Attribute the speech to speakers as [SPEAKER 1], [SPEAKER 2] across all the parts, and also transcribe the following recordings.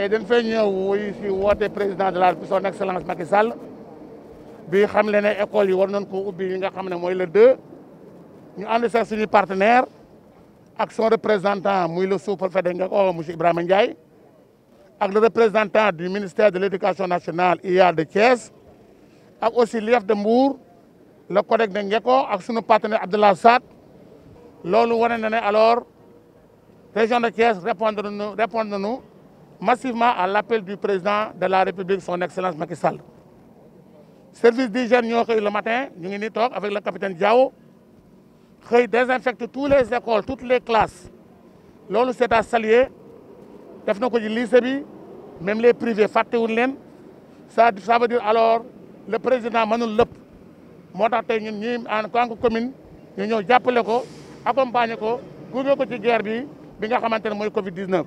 [SPEAKER 1] et eh, dañ fay ñëw wuy woté président de la République son excellence Macky Sall bi xam le école yi war nañ ko ubbi yi nga xam ne mooy le 2 ñu ànd sax suñu partenaire ak son représentant muy le sous-préfet de Ngeko monsieur Ibrahima Ndiaye ak le représentant du ministère de l'éducation nationale IA de Thiès ak aussi chef de Mbour le collègue de Ngeko ak suñu partenaire Abdallah Sat loolu woné né alors région de Thiès répondre nous, répondre nous massivement à l'appel du président de la République, son Excellence Macky Sall. Service d'hygiène, le matin, nous sommes avec le capitaine Diao, qui désinfecte toutes les écoles, toutes les classes. l'on c'est à saluer. même les privés, ça, veut dire alors le président Manuel Lep, en tant commune nous guerre Covid 19.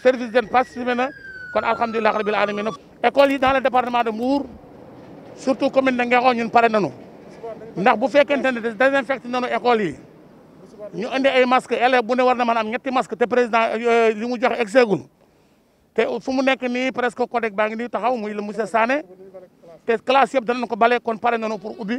[SPEAKER 1] service d'hygiène participé na kon alhamdulilah rabil alamin école yi dans le département de Mbour surtout commune de Ngexo ñun pare nañu ndax bu fekkente ne désinfecté nañu école yi ñu indi ay masque élève bu ne war na mën am ñetti masque te président euh, li mu joxe exeegul te fu mu nekk nii presque codec baa ngi nii taxaw muy le monsieur Sané te classe yëpp danañ ko bale kon pare nañu pour ubbi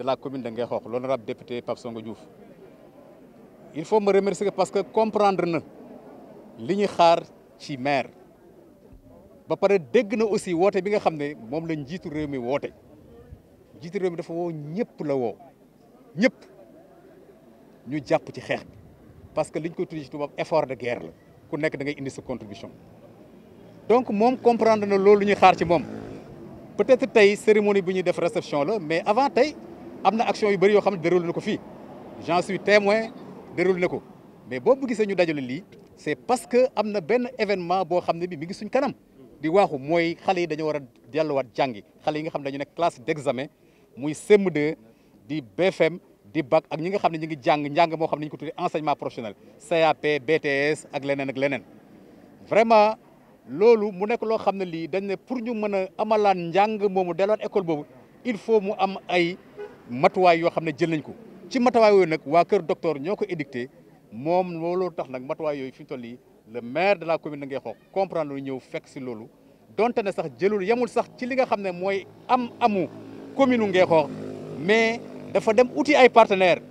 [SPEAKER 2] de la commune de Nguékhokh l'honorable député Pape Songo Diouf il faut me remercier parce que comprendre na li ñu xaar ci maire ba paré dégg na aussi woté bi nga xamné mom moom la njiitu réew mi woote njiitu réew mi dafa wo ñepp la wo ñepp ñu japp ci xex parce que liñ ko tuddee ci effort de guerre la ku nekk da ngay indi sa contribution donc mom comprendre na lolu ñu xaar ci mom peut-être tay cérémonie bu ñu def réception la mais avant tay amna action yu bari yo xam ne déroulé na ko j'en suis témoin déroulé na ko mais boobu gisee ñu dajale li c'est parce que amna ben événement bo xam bi mi ngi suñu kanam di waxu moy xalé yi dañoo war a delluwaat yi nga xam dañu nekk classe d'examen muy sem 2 di BFM di bac ak ñi nga xam ñi ngi jang jang mo xam ñu ko tuddee enseignement professionnel CAP BTS ak leneen ak leneen vraiment lolu mu nekk lo xam li dañ né pour ñu mëna amalan jang njàng moomu delluwaat école bobu il faut mu am ay matuwaay yoo xam ne jël nañ ko ci matuwaay yooyu nag waa kër docteur ñoo ko édicté moom looloo tax nag matuwaay yooyu fi mu toll nii le maire de la commune da ngay xoox comprendre lu ñëw fekk si loolu donte ne sax jëlul yemul sax ci li nga xam ne mooy am amu commune Ngexoox mais dafa dem uti ay partenaires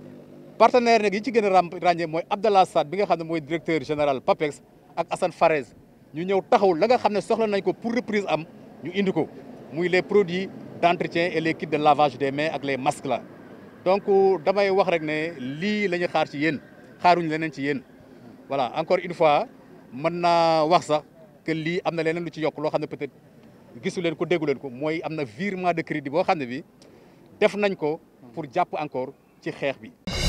[SPEAKER 2] partenaires ne yi ci gën a ràññee mooy Abdallah Sad bi nga xam ne mooy directeur général PAPEX ak Assane Farez ñu ñëw taxaw la nga xam ne soxla nañ ko pour reprise am ñu indi ko. muy les produits d'entretien et les kits de lavage des mains ak les masques là. donc damay wax rek né li lañu xaar ci yeen xaaruñ leneen ci yeen voilà encore une fois mën naa wax sax que li amna na leneen lu ci yok lo xamné peut-être gisu leen ko déggu leen ko moy amna virement de crédit bo xamné bi def nañ ko pour japp encore ci xeex bi